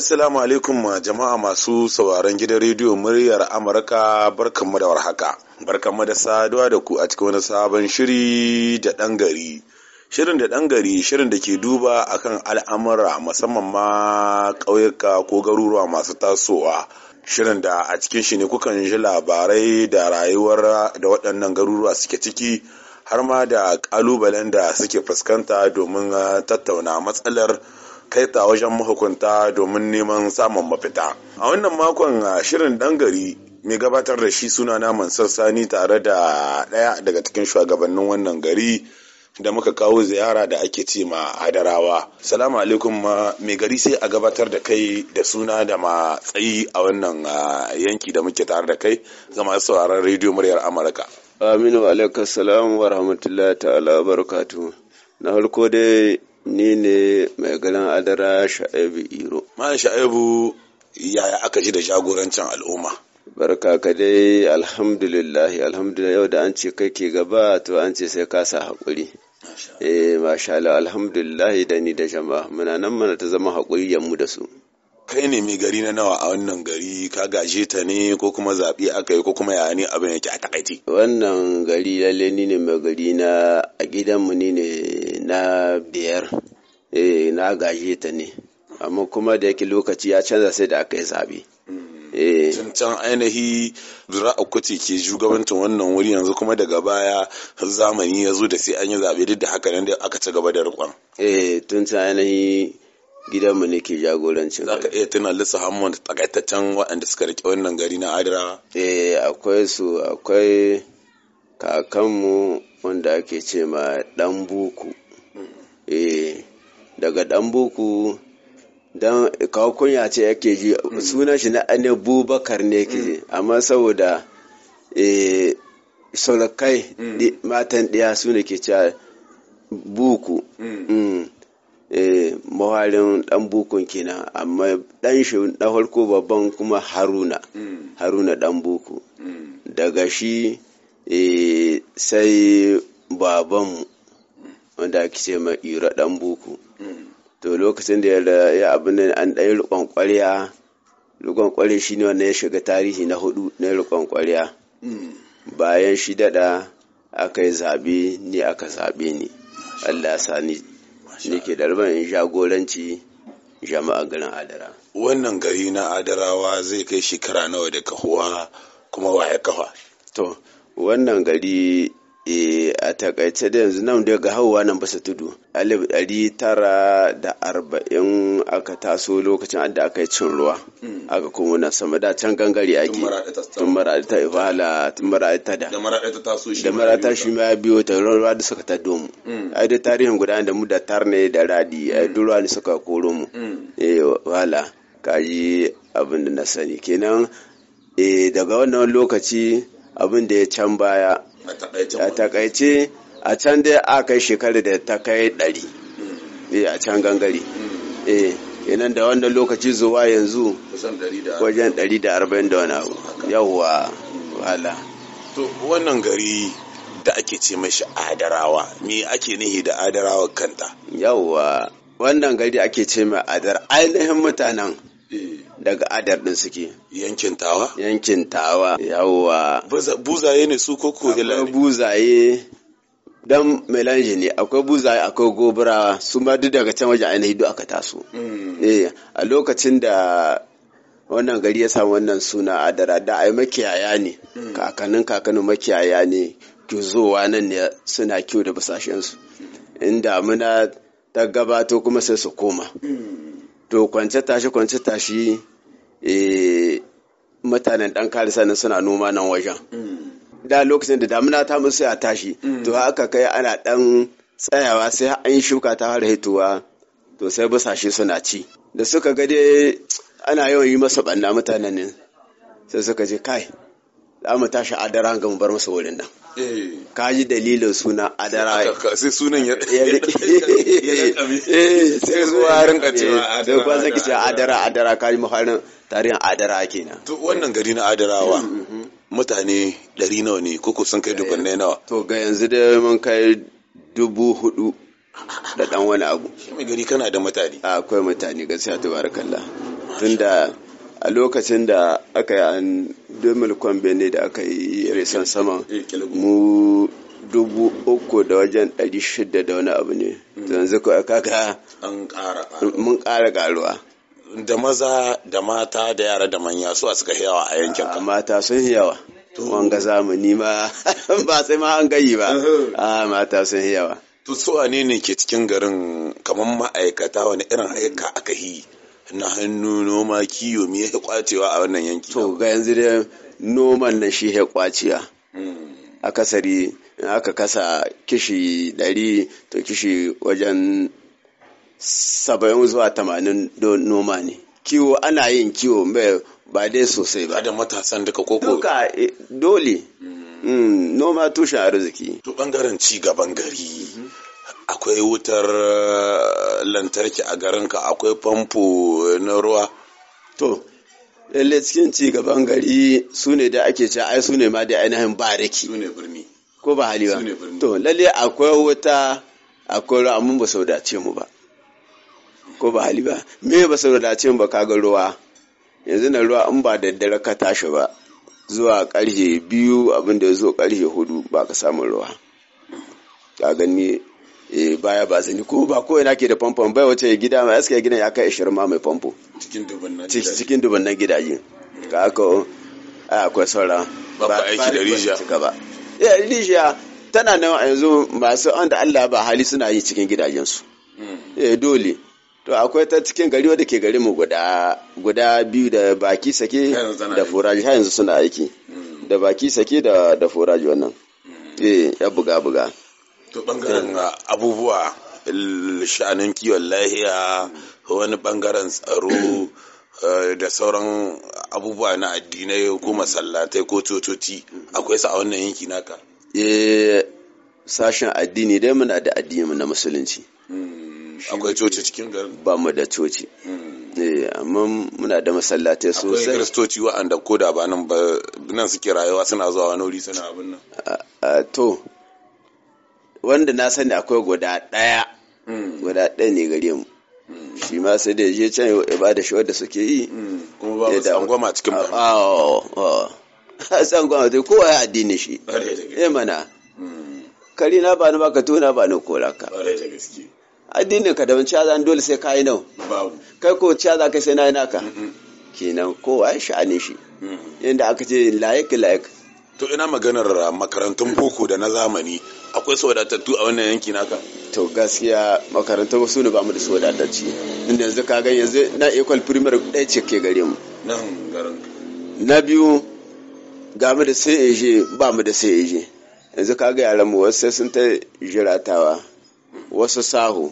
Assalamu alaikum jama'a masu sauraron gidan rediyo muryar Amurka barkanmu da warhaka. Barkanmu da saduwa da ku a cikin wani sabon shiri da dan gari. Shirin da dan gari shirin da ke duba akan al'amura musamman ma ƙauyuka ko garuruwa masu tasowa. Shirin da a cikin shi ne kukan ji labarai da rayuwar da waɗannan garuruwa suke ciki har ma da ƙalubalen da suke fuskanta domin uh, tattauna matsalar kai ta wajen mahukunta domin neman samun mafita a wannan makon shirin ɗan gari mai gabatar da shi suna naman sassani tare da ɗaya daga cikin shugabannin wannan gari da muka kawo ziyara da ake ce ma hadarawa salamu alaikum ma mai gari sai a gabatar da kai da suna da matsayi a wannan yanki da muke tare da kai ga masu sauraron rediyo muryar amurka aminu alaikum salam wa rahmatullahi ta'ala barakatu na farko dai ni ne mai garin adara sha'ibu iro malam sha'ibu yaya aka ji da jagorancin al'umma barka ka dai alhamdulillah alhamdulillah yau da an ce kai ke gaba to an ce sai ka sa haƙuri eh masha Allah alhamdulillah da ni da jama'a muna nan mana ta zama haƙuri yammu da su kai ne mai gari na nawa a wannan gari ka gaje ta ne ko kuma zaɓi aka yi ko kuma ya ne abin yake a takaiti wannan gari lalle ni ne mai gari na a gidanmu ni ne na biyar eh, na gaje ta ne amma kuma da yake lokaci ya canza sai da aka yi zabe mm. eh. can ainihi zura kuti ke shugabantar wannan wuri yanzu kuma daga baya zamani ya zo da sai an yi zabe duk da haka nan da aka ci gaba da rikon eh tun can ainihi gidanmu ne ke jagorancin za ka iya tuna lissa hammond takaitaccen waɗanda suka rike wannan gari na adira eh akwai su akwai kakanmu wanda ake ce ma dan buku Eh, daga dan boko kawo kunya ce yake ji sunan shi na ne bubakar ne ke ji mm. amma saboda eh, solokai mm. matan ɗaya su ne ke cewa buku mm. Eh, mawarin dan bukun kenan amma dan shi na farko babban kuma haruna haruna dan buku daga shi sai babanmu wanda ake ce ma ira dan boko to lokacin da ya abin nan an dai rukon ƙwarya rukon ƙwarya shi ne wanda ya shiga tarihi na hudu na rukon ƙwarya bayan shi dada aka yi zaɓe ni aka zaɓe ni allah sani nake da in jagoranci jama'a garin adara wannan gari na adarawa zai kai shekara nawa da kahuwa kuma ya kafa to wannan gari E, a takaice da yanzu nan ga hauwa nan basa tudu alif ɗari tara da arba'in aka taso lokacin adda aka yi cin ruwa mm. aka kuma na sama da can gangare ake tun maraɗi ta ifala tun maraɗi ta da da maraɗi ta shi ma ya biyo ta ruwa da suka ta domu mm. ai da tarihin guda da mu da tar ne da radi ai mm. duk ruwa da suka koro mu eh wala kaji abin da na sani kenan eh, daga wannan lokaci abin da ya can baya a takaice a can dai a kai shekaru da ta kai ɗari hmm. eh, a can gangare inan hmm. eh, da wannan lokaci zuwa yanzu wajen 140 da wani abu yawwa wala to wannan gari da ake ce mashi adarawa me ake nihi da adarawa kanta yawwa wannan gari ake ce mai adar ainihin mutanen daga adar din suke yankin tawa yankin tawa yawwa buzaye ne su koko hilari akwai buzaye dan melange ne akwai buzaye akwai gobara su ma duk daga can wajen ainihi duk aka taso hmm. eh a lokacin da wannan gari ya samu wannan suna adara da ai makiyaya ne hmm. kakannin kakannin makiyaya ne kizowa nan ne suna kyau da basashensu in muna ta gabato kuma sai su koma hmm. to kwance tashi kwance tashi eh, mutanen dan kare sanin suna noma nan wajen mm. da lokacin da damina ta musu ya tashi mm. to haka kai ana dan tsayawa sai an shuka ta har hituwa to sai busashe suna ci da suka ga ana yawan yi masa banna mutanen ne sai suka je kai za mu tashi adara ga mu bar masa wurin nan ka ji dalilin suna adara sai sunan ya sai zuwa rinka cewa adara ba ki ce adara adara ka ji mafarin tarihin adara kenan to wannan gari na adarawa mutane ɗari nawa ne koko sun kai dubannai nawa to ga yanzu da mun kai dubu hudu da dan wani abu shi mai gari kana da mutane akwai mutane gaskiya tabarakallah tunda a lokacin da aka yi an domin kwambe da aka yi resan sama eh, mu dubu uku da wajen ɗari shida da wani abu ne mm. yanzu kawai kaka mun ƙara ƙaruwa da maza da mata da yara da manya su a suka yawa a yankin ka mata sun yawa ga zamani ma ba sai ma an gayi ba uh-huh. a mata sun yawa to su ne ne ke cikin garin kamar ma'aikata wani irin aika aka yi na hannu noma kiyo me ya kwacewa a wannan yanki to ga yanzu dai noman na shi ya kwaciya hmm. akasari aka kasa kishi dari to kishi wajen saba'in zuwa tamanin noma ne kiwo ana yin kiwo ba dai sosai ba da matasan duka koko duka eh, dole hmm. Hmm, noma tushen arziki to bangaren ci gaban gari mhm. akwai wutar eh, lantarki a garinka akwai famfo eh, na ruwa to lalle cikin ci gaban gari su ne da ake ce ai su ne ma da ainihin bariki su ne birni ko ba haliwa ba to lalle akwai wuta akwai ruwa amma ba sau dace mu ba ko ba haliwa me ba sau dace mu ba kaga ruwa yanzu na ruwa in ba daddare ka tashi ba zuwa karfe biyu abinda ya zo karfe hudu ba ka samu ruwa ka gani Eh, baya ba zani ko ba ko ina ke da famfon bai wace gida ma aska gina ya kai 20 ma mai famfo cikin dubannan gidaje ka aka oh, akwai saura ba ba aiki da rijiya ba ya eh, rijiya tana nan a yanzu masu an da Allah ba hali suna yi cikin gidajen su. Hmm. eh dole to akwai ta cikin gari wadda ke gari mu guda guda biyu da baki sake da furaji har yanzu suna aiki hmm. da baki sake da da furaji wannan hmm. eh ya buga buga to bangaren ah, abubuwa sha'anin kiwon lahiya wani bangaren tsaro eh, da sauran abubuwa na addinai ko masallatai ko cococi akwai sa a wannan yanki naka eh, sashen addini dai muna da addini na musulunci hmm, akwai coci cikin garin ba mu da coci hmm. eh, amma muna da masallatai sosai akwai kristoci wa'anda ko da ba nan suke rayuwa suna zuwa wani wuri suna abin nan to wanda na sani akwai guda ɗaya mm. guda ɗaya ne gare mu mm. shi ma sai da je can ya ba da shawar da suke yi mm. kuma ba wasu goma cikin ba a ah, oh, oh, oh. tsangwama ta kowa ya addini shi ya eh, mana kari na ba ni ba ka ba ni kora ka addinin ka da wani caza dole sai ka yi nau kai ko caza kai sai na yi naka kenan kowa ya sha'ani shi yadda aka ce layik layik to ina maganar makarantun boko da na zamani akwai su wadatattu a wannan yanki naka to gaskiya makarantar wasu ne ba mu da su wadatacci inda yanzu ka ga yanzu na equal primary ɗaya ce ke gare mu nan garin na biyu ga mu da sai eje ba mu da sai eje yanzu ka ga yaran mu wasu sun ta jiratawa wasu sahu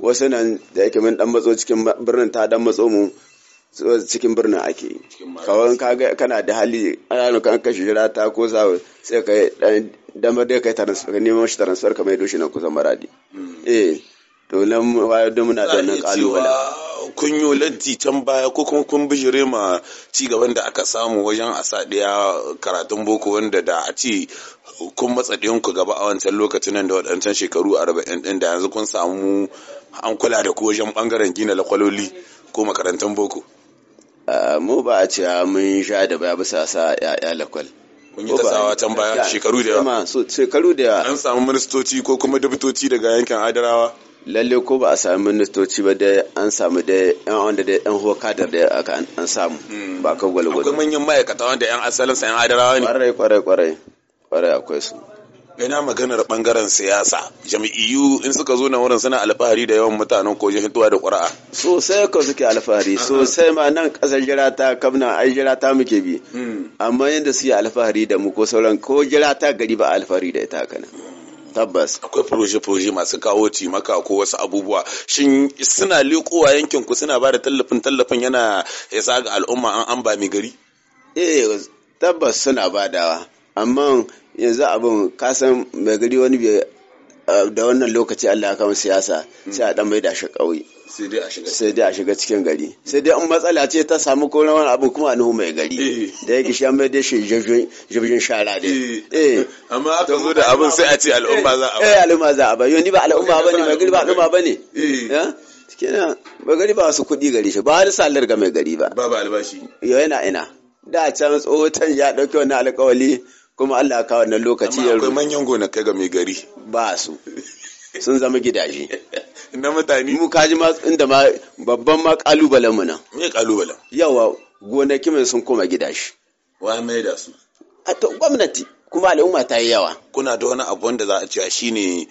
wasu nan da yake mun dan matso cikin birnin ta dan matso mu cikin birnin ake yi kawai kana da hali ana an kashe ta ko sa sai ka damar da kai transfer neman shi transfer ka ya doshi na kusan maradi hmm. eh to nan wayar da muna da nan kalubale kun yi ladi can baya ko kuma kun bijire ma ci gaban da aka samu wajen a sa daya karatun boko wanda da a ci kun matsa ku gaba a wancan lokacin nan da waɗancan shekaru arba'in ɗin da yanzu kun samu an kula da ku wajen ɓangaren gina lakwaloli ko makarantun boko Eh, mu ba a cewa mun sha da baya bisa sa ya'ya lakwal kun yi tasawa can baya shekaru da yawa shekaru da yawa an samu ministoci ko kuma dabitoci daga yankin adarawa lalle ko ba a samu ministoci ba da an samu da yan wanda da yan huwa kadar da aka an samu hmm. ba ka gwalgwalo akwai manyan ma'aikata wanda yan asalin sa yan adarawa ne kwarai kwarai kwarai kwarai akwai su ina maganar bangaren siyasa jami'iyu in suka zo na wurin suna alfahari da yawan mutanen jin hituwa da ƙura'a sosai ko suke alfahari sosai ma nan ƙasar jira ta kamna ai jira ta muke bi hmm. amma yadda suke alfahari da mu ko sauran ko jira ta gari ba alfahari da ita kana tabbas akwai proje-proje masu kawo maka ko wasu abubuwa shin suna liƙowa yankin ku suna ba da tallafin tallafin yana ya ga al'umma an an ba mai gari eh tabbas suna badawa amma yanzu abin kasan mai gari wani bai da wannan lokaci Allah kama siyasa sai a dan maida shi ƙauye sai dai a shiga cikin gari sai dai in matsala ce ta samu ko wani abu kuma a nuhu mai gari eh. da yake shi an da shi jirgin shara ne eh. eh amma aka zo da abin sai a ce al'umma za a ba eh al'umma za a ba yau ni ba al'umma ba ne mai gari ba al'umma ba ne. Eh. kenan mai gari ba su kuɗi gari shi ba har salar ga mai gari ba ba ba albashi yau yana ina da can tsohon ya ɗauki wani alƙawali kuma Allah ka wannan lokaci ya akwai manyan gonakai ga mai gari ba su sun zama gidaje na mutane mu kaji ma inda ma babban ma kalubalen mu nan me kalubalen yawa gonaki mai sun koma gidaje wa mai da su a to gwamnati kuma al'umma ta yi yawa kuna da wani abu wanda za a ce shine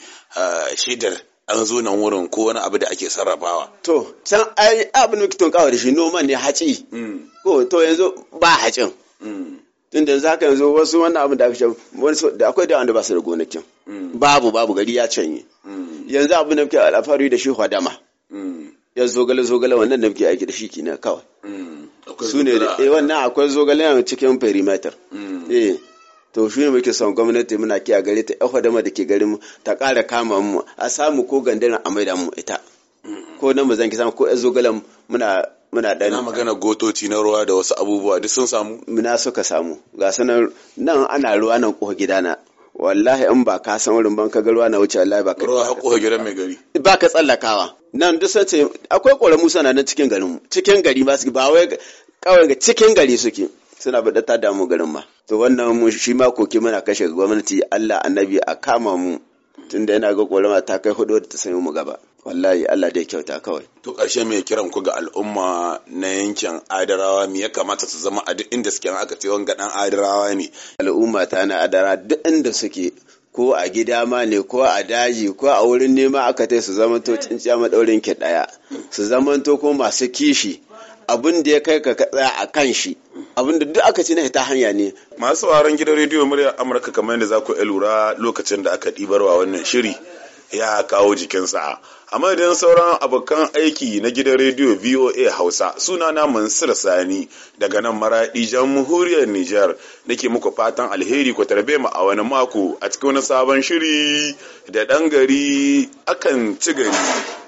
shaidar an zo nan wurin ko wani abu da ake sarrafawa. To, can abin da muke tunkawa da shi noman ne haci. Mm. Ko to yanzu ba hacin. Mm. tunda za ka yanzu wasu wannan abin da ake da akwai da wanda ba su da gonakin mm. babu babu gari ya canye mm. yanzu abin da muke alfahari da shi hadama mm. yanzu zogale zogale wannan da muke aiki da shi kina kawai su ne da eh wannan akwai zogale a cikin perimeter eh to shi ne muke son gwamnati muna kiya gare ta ya hadama da ke garin mu ta kara kama mu a samu ko gandana a maida mu ita ko nan bazan ki samu ko ɗan zogalen muna muna dan na magana gotoci na ruwa da wasu abubuwa duk sun samu muna suka samu ga sanan nan ana ruwa nan ko gidana wallahi in ba ka san wurin ban ka ga ruwa na wuce wallahi ba ka ruwa haƙo gidan mai gari ba ka tsallakawa nan duk sun ce akwai musa na nan cikin garin cikin gari ba su ba wai kawai ga cikin gari suke suna bada ta damu garin ma to wannan shi ma koke muna kashe gwamnati Allah annabi a kama mu tunda yana ga kwalama ta kai hudu da ta sami mu gaba wallahi Allah dai kyauta kawai to ƙarshe mai kiran ku ga al'umma na yankin Adarawa me ya kamata su zama a duk inda suke aka ce wanga dan Adarawa ne al'umma ta na Adara duk inda suke ko a gida ma ne ko a daji ko a wurin nema aka tai su zamanto tsinciya madaurin ki daya su zamanto ko masu kishi abin da ya kai ka tsaya a kan shi abin da duk aka ce na ta hanya ne masu sauraron gidan rediyo murya amurka kamar yadda za ku lura lokacin da aka wa wannan shiri ya kawo jikinsa a madadin sauran abokan aiki na gidan rediyo voa hausa suna na mansur sani daga nan maraɗi jamhuriyar niger nake muku fatan alheri ku tarbe mu a wani mako a cikin wani sabon shiri da ɗan gari akan ci gari